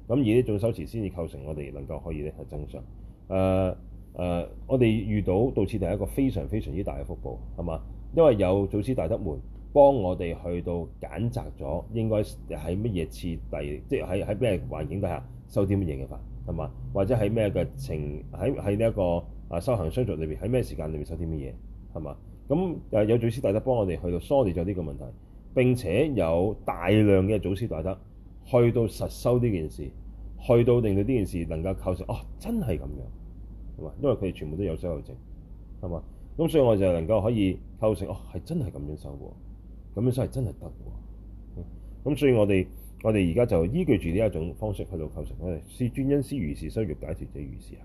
咁以呢種修持先至構成我哋能夠可以咧係增長誒誒。我哋遇到道次第係一個非常非常之大嘅福報，係嘛？因為有祖師大德們幫我哋去到揀擇咗，應該喺乜嘢次第，即係喺喺邊個環境底下修啲乜嘢嘅法，係嘛？或者喺咩嘅情，喺喺呢一個啊修行相續裏邊，喺咩時間裏邊修啲乜嘢，係嘛？咁誒有祖師大德幫我哋去到梳理咗呢個問題，並且有大量嘅祖師大德去到實修呢件事，去到令到呢件事能夠構成哦，真係咁樣，係嘛？因為佢哋全部都有修道證，係嘛？咁所以我就能夠可以構成哦，係真係咁樣修喎，咁樣修係真係得喎。咁、嗯、所以我哋我哋而家就依據住呢一種方式去到構成，我哋師尊恩師如是修，所以欲解脫者如是行。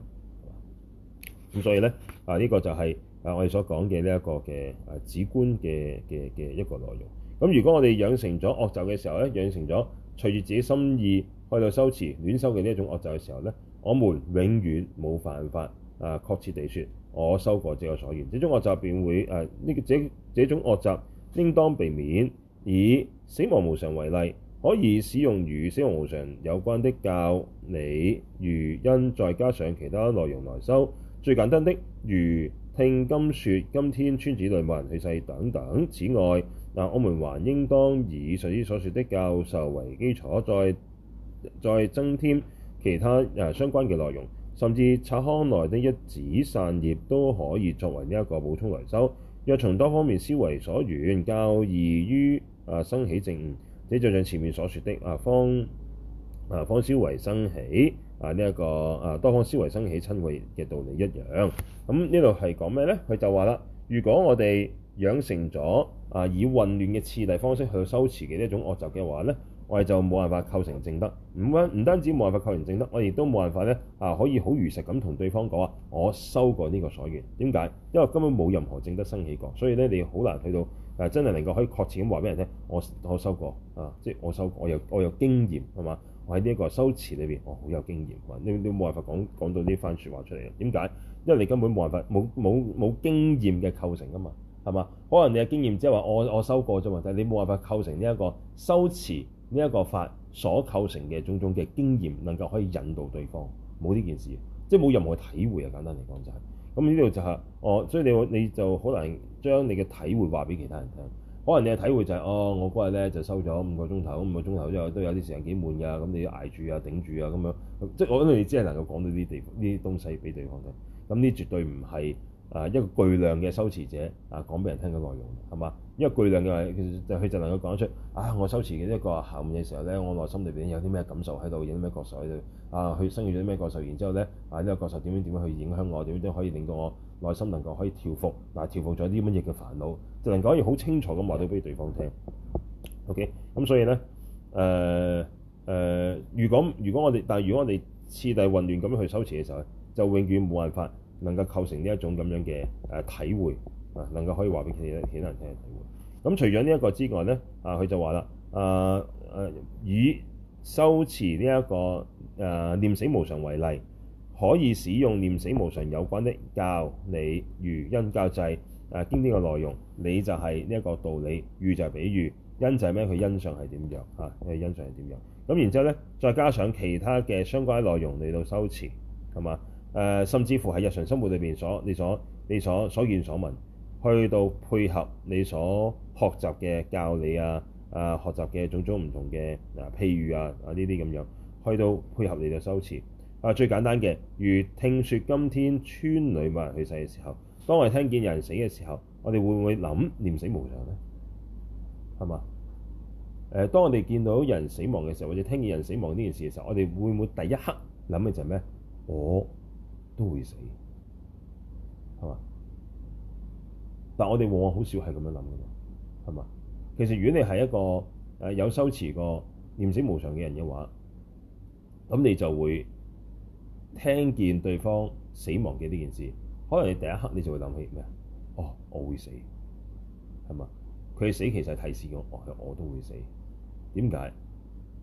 咁所以咧啊，呢、這個就係啊我哋所講嘅呢一個嘅啊止觀嘅嘅嘅一個內容。咁如果我哋養成咗惡習嘅時候咧，養成咗隨住自己心意去到修持亂修嘅呢一種惡習嘅時候咧，我們永遠冇辦法啊！確切地説。我修過這個所緣，這種惡習便會誒呢、呃？這這種惡習應當避免。以死亡無常為例，可以使用與死亡無常有關的教、理、喻、因，再加上其他內容來修。最簡單的，如聽今說今天村子裡冇人去世等等。此外，嗱、呃、我們還應當以上師所說的教授為基礎，再再增添其他誒、呃、相關嘅內容。甚至擦康內的一紙散頁，都可以作為一個補充來修。若從多方面思惟所緣，較易於啊生起證悟。即就像前面所說的啊，方啊方思惟生起啊呢一、這個啊多方思惟生起瞋恚嘅道理一樣。咁呢度係講咩呢？佢就話啦，如果我哋養成咗啊以混亂嘅次第方式去修持嘅一種惡習嘅話呢。」我哋就冇辦法構成證德，唔單唔單止冇辦法構成證德，我亦都冇辦法咧啊！可以好如實咁同對方講啊，我修過呢個所緣。點解？因為根本冇任何證德生起過，所以咧你好難睇到啊！但真係能夠可以確切咁話俾人聽，我我修過啊，即係我修過，我有我有經驗係嘛？我喺呢一個修持裏邊，我好有經驗。經驗你你冇辦法講講到呢番説話出嚟嘅？點解？因為你根本冇辦法冇冇冇經驗嘅構成啊嘛，係嘛？可能你嘅經驗只係話我我，我修過啫嘛，但係你冇辦法構成呢一個修持。呢一個法所構成嘅種種嘅經驗，能夠可以引導對方冇呢件事，即係冇任何體會啊！簡單嚟講、嗯、就係、是，咁呢度就係哦，所以你就你就好難將你嘅體會話俾其他人聽。可能你嘅體會就係、是、哦，我嗰日咧就收咗五個鐘頭，五個鐘頭之後都有啲時間幾悶㗎，咁、嗯、你要捱住啊，頂住啊，咁樣即係我諗你只係能夠講到呢啲地方、呢啲東西俾對方聽。咁、嗯、呢絕對唔係。啊！一個巨量嘅修辭者啊，講俾人聽嘅內容係嘛？一個巨量嘅係其實佢就能夠講得出啊！我修辭嘅一個含義嘅時候咧，我內心裏邊有啲咩感受喺度，有啲咩角色喺度啊？佢生起咗啲咩角色？然之後咧啊，呢、這個角色點樣點樣去影響我？點樣都可以令到我內心能夠可以調伏嗱，調伏、啊、調伏咗啲乜嘢嘅煩惱，就能夠好清楚咁話到俾對方聽、嗯。OK，咁所以咧誒誒，如果如果我哋但係如果我哋次第混亂咁樣去修辭嘅時候咧，就永遠冇辦法。能夠構成呢一種咁樣嘅誒體會啊，能夠可以話俾佢哋聽，幾難聽嘅體會。咁除咗呢一個之外咧，啊佢就話啦，啊、呃、誒以修辭呢一個誒、呃、念死無常為例，可以使用念死無常有關的教理、喻、因教制誒、啊、經典嘅內容，你就係呢一個道理，喻就係比喻，因就係咩？佢欣賞係點樣因佢、啊、欣賞係點樣咁？然之後咧，再加上其他嘅相關內容嚟到修辭係嘛？誒、啊，甚至乎喺日常生活裏邊所你所你所,你所所見所聞，去到配合你所學習嘅教理啊，啊，學習嘅種種唔同嘅啊，譬喻啊啊呢啲咁樣，去到配合你就修辭啊。最簡單嘅，如聽説今天村裏某人去世嘅時候，當我哋聽見有人死嘅時候，我哋會唔會諗念死無常呢？係嘛？誒、啊，當我哋見到人死亡嘅時候，或者聽見人死亡呢件事嘅時候，我哋會唔會第一刻諗嘅就係咩？我、哦都會死，係嘛？但係我哋往往好少係咁樣諗嘅，係嘛？其實，如果你係一個誒有修持過念死無常嘅人嘅話，咁你就會聽見對方死亡嘅呢件事。可能你第一刻你就會諗起咩？哦，我會死，係嘛？佢死其實係提示我，我都會死。點解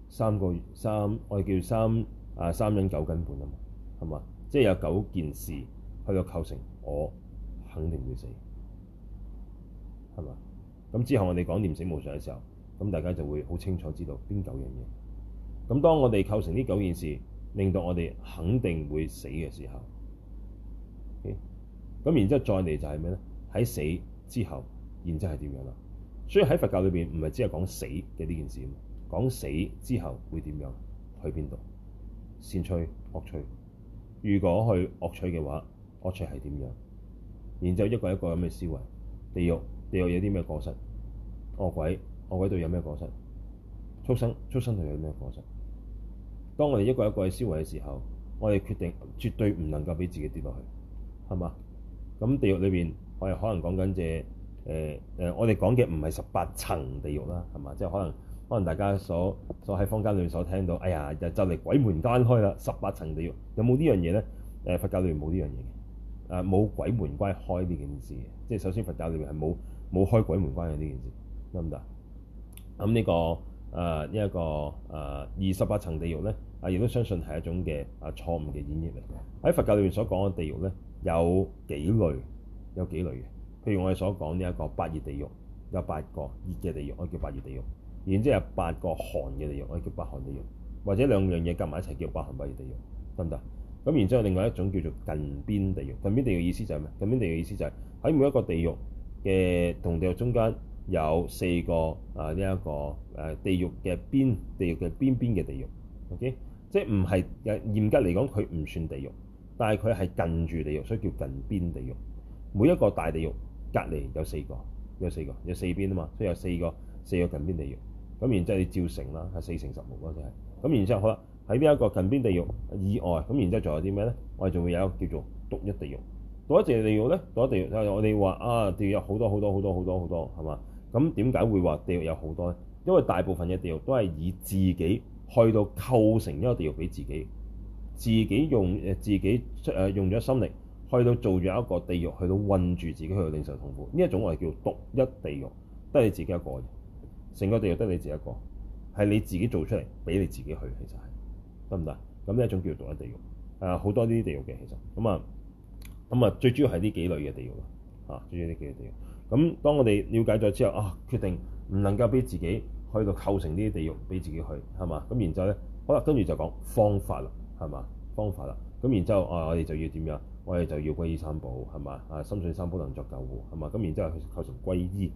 三個月三我哋叫三啊三，因九根本啊嘛，係嘛？即係有九件事去到構成，我肯定會死，係嘛？咁之後我哋講念死無常嘅時候，咁大家就會好清楚知道邊九樣嘢。咁當我哋構成呢九件事，令到我哋肯定會死嘅時候，咁然之後再嚟就係咩咧？喺死之後，然之後係點樣啦？所以喺佛教裏邊唔係只係講死嘅呢件事嘛，講死之後會點樣去邊度善趣惡趣？如果去惡趣嘅話，惡趣係點樣？然之後一個一個咁嘅思維，地獄地獄有啲咩過失？惡鬼惡鬼度有咩過失？畜生畜生度有咩過失？當我哋一個一個去思維嘅時候，我哋決定絕對唔能夠俾自己跌落去，係嘛？咁地獄裏邊，我哋可能講緊隻誒誒，我哋講嘅唔係十八層地獄啦，係嘛？即係可能。可能大家所所喺坊間裏面所聽到，哎呀，就嚟鬼門關開啦，十八層地獄有冇呢樣嘢咧？誒，佛教裏面冇呢樣嘢嘅，啊冇鬼門關開呢件事嘅。即係首先佛教裏面係冇冇開鬼門關嘅呢件事，得唔得？咁、嗯這個呃這個呃、呢個誒呢一個誒二十八層地獄咧，亦都都相信係一種嘅啊錯誤嘅演繹嚟嘅。喺佛教裏面所講嘅地獄咧，有幾類，有幾類嘅。譬如我哋所講呢一個八熱地獄，有八個熱嘅地獄，我叫八熱地獄。然之後有八個寒嘅地獄，我哋叫八寒地獄，或者兩樣嘢夾埋一齊叫八寒八熱地獄，得唔得？咁然之後另外一種叫做近邊地獄。近邊地獄意思就係咩？近邊地獄意思就係喺每一個地獄嘅同地獄中間有四個啊呢一個誒地獄嘅邊地獄嘅邊邊嘅地獄。OK，即係唔係嚴格嚟講佢唔算地獄，但係佢係近住地獄，所以叫近邊地獄。每一個大地獄隔籬有四個，有四個有四邊啊嘛，所以有四個四個近邊地獄。咁然之後你照成啦，係四成十六啦。就係。咁然之後好啦，喺呢一個近邊地獄以外，咁然之後仲有啲咩咧？我哋仲會有一個叫做獨一地獄。獨一地獄咧，獨一地獄，就係、我哋話啊，地獄有好多好多好多好多好多係嘛？咁點解會話地獄有好多咧？因為大部分嘅地獄都係以自己去到構成一個地獄俾自己，自己用誒自己誒、呃、用咗心力去到做咗一個地獄去到困住自己去到領受痛苦。呢一種我哋叫獨一地獄，都係你自己一個人。成個地獄得你自己一個，係你自己做出嚟，俾你自己去，其實係得唔得？咁呢一種叫獨一地獄，誒、呃、好多呢啲地獄嘅其實咁啊，咁、嗯嗯嗯、啊，最主要係呢幾類嘅地獄啊，最主要呢幾類地獄。咁、啊、當我哋了解咗之後啊，決定唔能夠俾自己去到構成呢啲地獄，俾自己去係嘛？咁然之後咧，好啦，跟住就講方法啦，係嘛？方法啦，咁然之後啊，我哋就要點樣？我哋就要歸依三寶係嘛？啊，深信三寶能作救護係嘛？咁然之後去構成歸依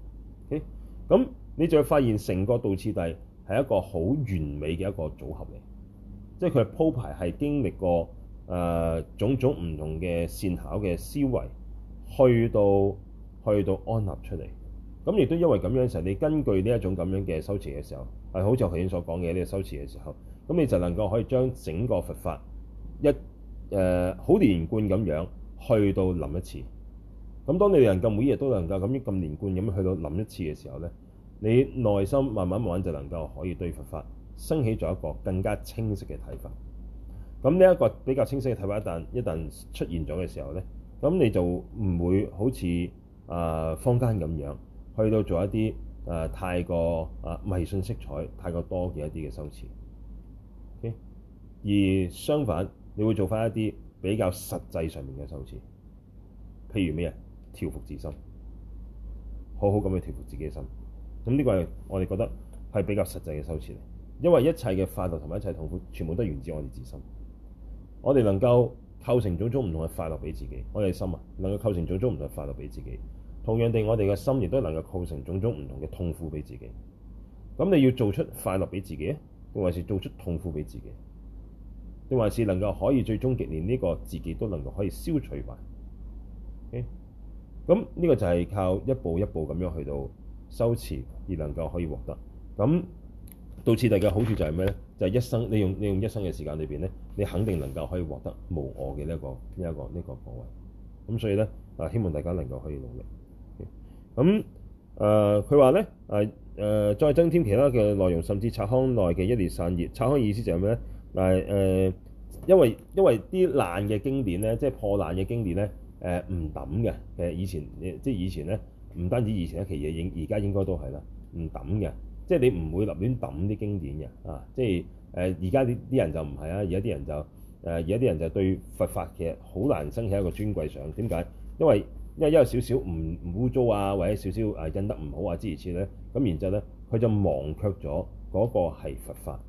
，ok 咁。嗯嗯嗯嗯嗯嗯你就會發現成個道次第係一個好完美嘅一個組合嚟，即係佢鋪排係經歷過誒種種唔同嘅善巧嘅思維，去到去到安立出嚟。咁亦都因為咁樣嘅時候，你根據呢一種咁樣嘅修辭嘅時候，係好似我頭先所講嘅呢個修辭嘅時候，咁你就能夠可以將整個佛法一誒好、呃、連貫咁樣去到諗一次。咁當你能夠每日都能夠咁樣咁連貫咁樣去到諗一次嘅時候咧。你內心慢慢慢就能夠可以對佛法升起咗一個更加清晰嘅睇法。咁呢一個比較清晰嘅睇法一旦一旦出現咗嘅時候咧，咁你就唔會好似啊、呃、坊間咁樣去到做一啲啊、呃、太過啊、呃、迷信色彩太過多嘅一啲嘅修持。Okay? 而相反，你會做翻一啲比較實際上面嘅修持。譬如咩啊？調服自心，好好咁去調服自己嘅心。咁呢個係我哋覺得係比較實際嘅修持嚟，因為一切嘅快樂同埋一切痛苦，全部都源自我哋自身。我哋能夠構成種種唔同嘅快樂俾自己，我哋嘅心啊能夠構成種種唔同嘅快樂俾自己。同樣地，我哋嘅心亦都能夠構成種種唔同嘅痛苦俾自己。咁你要做出快樂俾自己啊，定還是做出痛苦俾自己？定還是能夠可以最終極連呢個自己都能夠可以消除埋。咁、okay? 呢個就係靠一步一步咁樣去到。修持而能夠可以獲得，咁到此地嘅好處就係咩咧？就係、是、一生你用你用一生嘅時間裏邊咧，你肯定能夠可以獲得無我嘅呢一個呢一、這個呢、這個部位。咁所以咧啊，希望大家能夠可以努力。咁、嗯、誒，佢話咧誒誒，再增添其他嘅內容，甚至擦康內嘅一紙散頁。擦康意思就係咩咧？但係誒、呃，因為因為啲爛嘅經典咧，即係破爛嘅經典咧，誒唔抌嘅。誒以前誒即係以前咧。唔單止以前一期嘢影，而家應該都係啦，唔抌嘅，即係你唔會立亂抌啲經典嘅啊！即係誒，而家啲啲人就唔係啊，而家啲人就誒，而家啲人就對佛法其實好難生起一個尊貴上。點解？因為因為因為少少唔唔污糟啊，或者少少誒印得唔好啊諸如此類，咁然之後咧，佢就忘卻咗嗰個係佛法，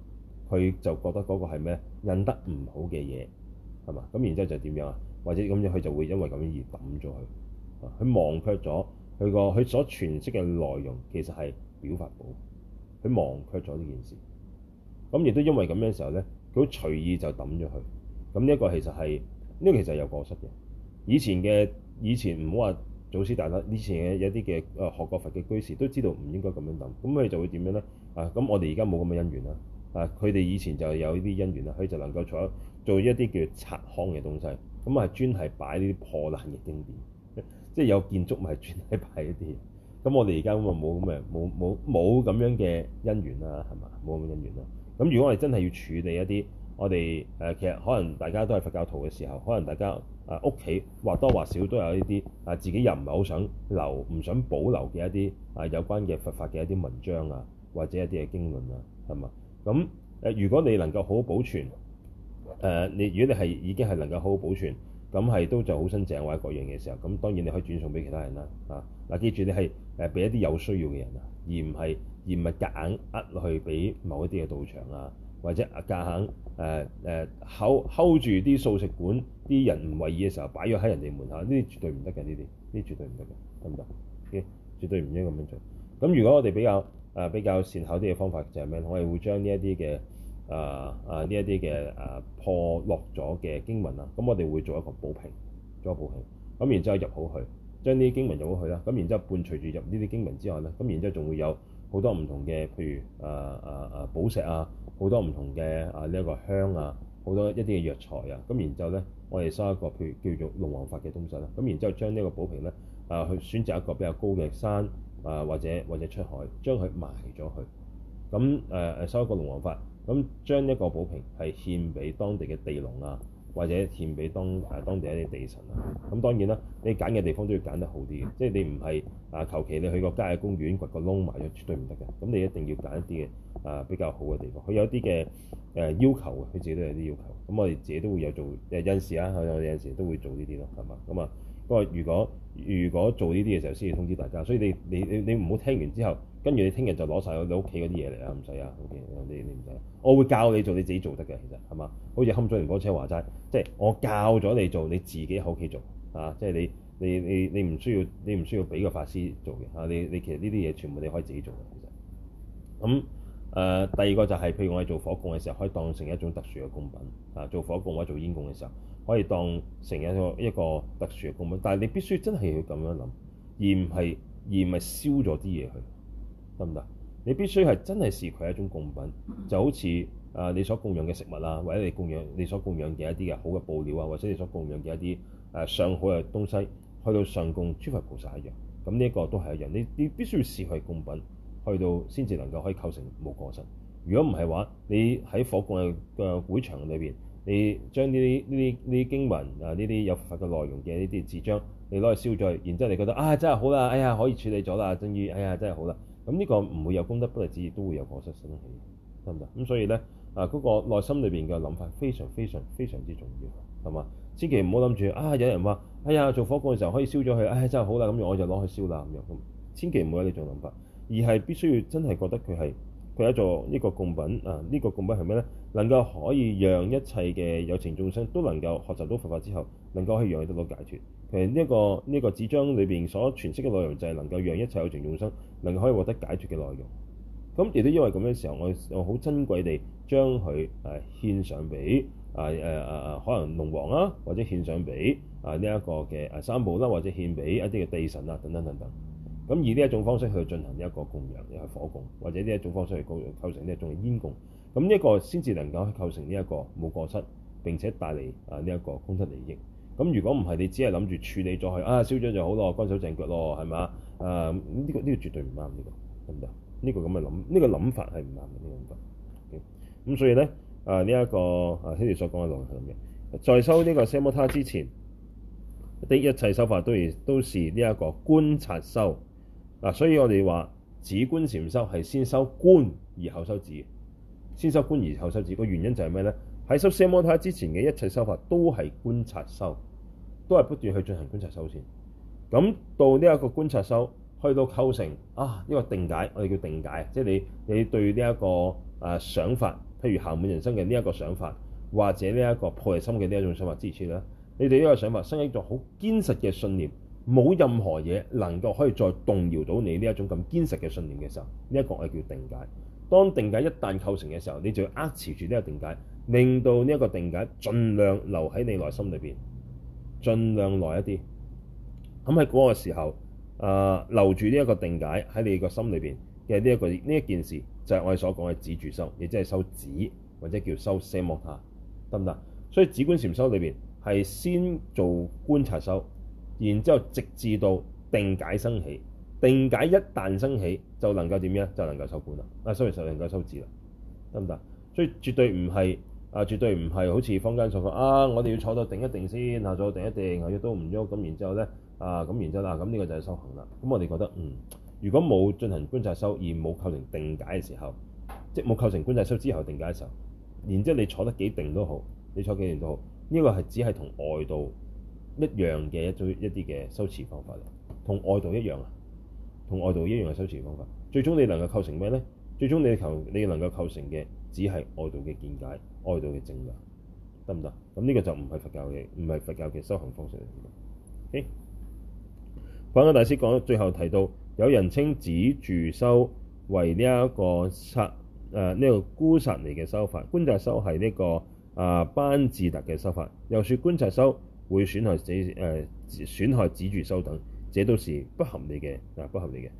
佢就覺得嗰個係咩？印得唔好嘅嘢係嘛？咁然之後就點樣啊？或者咁樣，佢就會因為咁而抌咗佢啊！佢忘卻咗。佢個佢所詮釋嘅內容其實係表法寶，佢忘卻咗呢件事，咁亦都因為咁樣嘅時候咧，佢好隨意就抌咗佢，咁呢一個其實係呢、呢個其實係有過失嘅。以前嘅以前，唔好話祖師大德，以前嘅一啲嘅學過佛嘅居士都知道唔應該咁樣抌，咁佢就會點樣咧？啊，咁我哋而家冇咁嘅因緣啦，啊，佢哋以前就有呢啲因緣啦，佢就能夠做一啲叫擦康嘅東西，咁啊專係擺呢啲破爛嘅經典。即係有建築物咪專係派一啲，咁我哋而家咁啊冇咁嘅冇冇冇咁樣嘅因緣啦，係嘛？冇咁嘅因緣啦。咁如果我哋真係要處理一啲我哋誒、呃，其實可能大家都係佛教徒嘅時候，可能大家誒屋企或多或少都有一啲啊自己又唔係好想留唔想保留嘅一啲啊有關嘅佛法嘅一啲文章啊，或者一啲嘅經論啊，係嘛？咁誒、呃、如果你能夠好好保存誒、呃，你如果你係已經係能夠好好保存。咁係都就好新淨或者各樣嘢時候，咁當然你可以轉送俾其他人啦，啊嗱，記住你係誒俾一啲有需要嘅人啊，而唔係而唔係夾硬壓落去俾某一啲嘅道場啊，或者啊夾硬誒誒 h hold 住啲素食館啲人唔為意嘅時候擺咗喺人哋門口，呢啲絕對唔得嘅，呢啲呢絕對唔得嘅，得唔得？嘅、okay? 絕對唔應該咁樣做。咁如果我哋比較誒、呃、比較善巧啲嘅方法就係咩？我哋會將呢一啲嘅。誒誒呢一啲嘅誒破落咗嘅經文啊，咁我哋會做一個補平，做一個補平，咁然之後入好去將啲經文入好去啦。咁然之後伴隨住入呢啲經文之外咧，咁然之後仲會有好多唔同嘅，譬如誒誒誒寶石啊，好多唔同嘅啊呢一個香啊，好多一啲嘅藥材啊。咁然之後咧，我哋收一個譬如叫做龍王法嘅東西啦。咁然之後將呢個補平咧誒去選擇一個比較高嘅山誒、啊、或者或者出海將佢埋咗去咁誒誒收一個龍王法。咁將一個寶瓶係獻俾當地嘅地龍啊，或者獻俾當誒、啊、當地一啲地神啊。咁當然啦，你揀嘅地方都要揀得好啲嘅，即係你唔係啊求其你去個郊野公園掘個窿埋咗，絕對唔得嘅。咁你一定要揀一啲嘅啊比較好嘅地方。佢有啲嘅誒要求嘅，佢自己都有啲要求。咁我哋自己都會有做，有有陣時啊，有有陣時都會做呢啲咯，係嘛？咁啊，不過如果如果做呢啲嘅時候，先至通知大家。所以你你你你唔好聽完之後。跟住你聽日就攞曬你屋企嗰啲嘢嚟啦，唔使啊。O.K. 你你唔使，我會教你做，你自己做得嘅。其實係嘛，好似坎咗寧波車話齋，即係我教咗你做，你自己喺屋企做啊。即係你你你你唔需要你唔需要俾個法師做嘅嚇、啊。你你其實呢啲嘢全部你可以自己做嘅。其實咁誒、嗯呃，第二個就係、是、譬如我哋做火供嘅時候，可以當成一種特殊嘅供品啊。做火供或者做煙供嘅時候，可以當成一個一個特殊嘅供品。但係你必須真係要咁樣諗，而唔係而唔係燒咗啲嘢去。得唔得？你必須係真係視佢係一種供品，就好似啊、呃，你所供養嘅食物啊，或者你供養你所供養嘅一啲嘅好嘅布料啊，或者你所供養嘅一啲誒上好嘅東西，去到上供諸佛菩薩一樣。咁呢一個都係一樣，你你必須要視佢係供品，去到先至能夠可以構成冇過失。如果唔係話，你喺火供嘅嘅會場裏邊，你將呢啲呢啲呢啲經文啊，呢啲有佛嘅內容嘅呢啲紙張，你攞去燒咗，然之後你覺得啊，真係好啦，哎呀可以處理咗啦，終於哎呀真係好啦。咁呢、嗯這個唔會有功德，不過只亦都會有過失生起，得唔得？咁、嗯、所以咧，啊嗰、那個內心裏邊嘅諗法非常非常非常之重要，係嘛？千祈唔好諗住啊！有人話：哎呀，做火供嘅時候可以燒咗佢，哎，真係好啦，咁樣我就攞去燒啦，咁樣咁。千祈唔好有呢種諗法，而係必須要真係覺得佢係佢係一座呢個供品啊！這個、品呢個供品係咩咧？能夠可以讓一切嘅有情眾生都能夠學習到佛法之後，能夠可以讓佢得到解脫。其實呢一個呢一個紙張裏邊所詮釋嘅內容，就係能夠讓一切有情眾生能夠可以獲得解脫嘅內容。咁亦都因為咁嘅時候，我我好珍貴地將佢誒獻上俾誒誒誒誒，可能龍王啊，或者獻上俾啊呢一個嘅誒三寶啦，或者獻俾一啲嘅地神啊等等等等。咁以呢一種方式去進行呢一個供養，又係火供，或者呢一種方式嚟構構成呢一種煙供。咁呢一個先至能夠構成呢一個冇過失，並且帶嚟啊呢一個功德利益。咁如果唔係，你只係諗住處理咗佢啊，燒咗就好咯，乾手淨腳咯，係咪啊？誒、這個，呢個呢個絕對唔啱，這個這個這個這個嗯、呢個得唔得啊？呢、這個咁嘅諗，呢個諗法係唔啱嘅呢個諗法。咁所以咧，誒呢一個誒先條所講嘅內容係咁嘅：在修呢個奢摩他之前，的，一切修法都係都是呢一個觀察修嗱、啊，所以我哋話止觀禪修係先修觀而後修止，先修觀而後修止個原因就係咩咧？喺修奢摩他之前嘅一切修法都係觀察修，都係不斷去進行觀察修先。咁到呢一個觀察修去到構成啊呢個定解，我哋叫定解，即係你你對呢一個誒想法，譬如暇滿人生嘅呢一個想法，或者呢一個破壞心嘅呢一種想法，支持啦。你對呢個想法生一種好堅實嘅信念，冇任何嘢能夠可以再動搖到你呢一種咁堅實嘅信念嘅時候，呢一個我哋叫定解。當定解一旦構成嘅時候，你就要握持住呢個定解。令到呢一個定解盡量留喺你內心裏邊，盡量耐一啲。咁喺嗰個時候，誒、呃、留住呢一個定解喺你心裏面、這個心裏邊嘅呢一個呢一件事就，就係我哋所講嘅止住修，亦即係修止或者叫修奢摩他，得唔得？所以止觀禪修裏邊係先做觀察修，然之後直至到定解生起，定解一旦生起，就能夠點樣？就能夠修觀啦，啊，所以就能夠修止啦，得唔得？所以絕對唔係。啊！絕對唔係好似坊間所講啊！我哋要坐到定一定先下、啊、坐定一定啊，喐都唔喐咁，然之後咧啊，咁然之後呢啊，咁、這、呢個就係修行啦。咁我哋覺得嗯，如果冇進行觀察修而冇構成定解嘅時候，即係冇構成觀察修之後定解嘅時候，然之後你坐得幾定都好，你坐幾定都好，呢、這個係只係同外道一樣嘅一種一啲嘅修持方法嚟，同外道一樣啊，同外道一樣嘅修持方法。最終你能夠構成咩咧？最終你求你能夠構成嘅。只係外道嘅見解，外道嘅正量得唔得？咁呢個就唔係佛教嘅，唔係佛教嘅修行方式嚟嘅。誒，帕繃、okay? 喀大師講最後提到，有人稱止住修為呢一個薩誒呢個孤薩黎嘅修法，觀察修係呢、這個啊、呃、班智達嘅修法，又說觀察修會損害止誒、呃、損害止住修等，這都是不合理嘅啊、呃，不合理嘅。啊、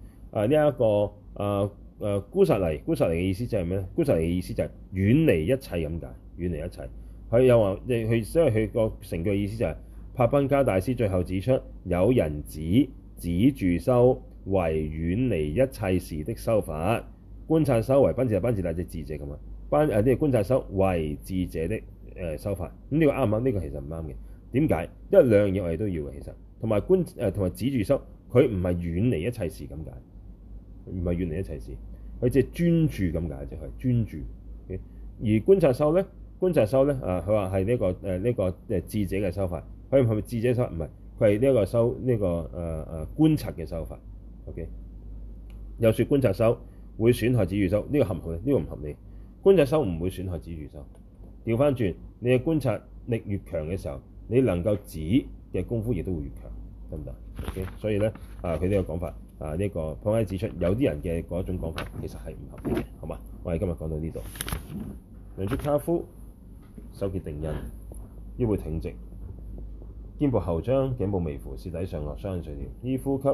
呃，呢、這、一個啊。呃誒孤、呃、薩黎，孤薩黎嘅意思就係咩咧？孤薩黎嘅意思就係遠離一切咁解，遠離一切。佢又話：，你佢，所以佢個成句意思就係、是，帕繃喀大師最後指出，有人指指住修為遠離一切事的修法，觀察修為班智、班智達、大智者咁啊，班，誒呢個觀察修為智者的誒修法。咁、嗯、呢、這個啱唔啱？呢、這個其實唔啱嘅。點解？因為兩樣嘢我哋都要嘅，其實同埋觀誒同埋指住修，佢唔係遠離一切事咁解。啊唔係遠離一切事，佢即係專注咁解，就係專注。Okay? 而觀察修咧，觀察修咧啊，佢話係呢個誒呢個誒智者嘅修法。佢係咪智者修，唔係，佢係呢一個修呢個誒誒觀察嘅修法。O K，又説觀察修會損害止住修，呢個合唔合理？呢個唔合理。觀察修唔會損害止住修。調翻轉，你嘅觀察力越強嘅時候，你能夠止嘅功夫亦都會越強，得唔得？O K，所以咧啊，佢呢個講法。啊！呢、這個潘威指出，有啲人嘅嗰一種講法其實係唔合理嘅，好嘛？我哋今日講到呢度。梁祝卡夫收結定音，腰背挺直，肩部後張，頸部微扶，舌底上落，雙人垂吊，依呼吸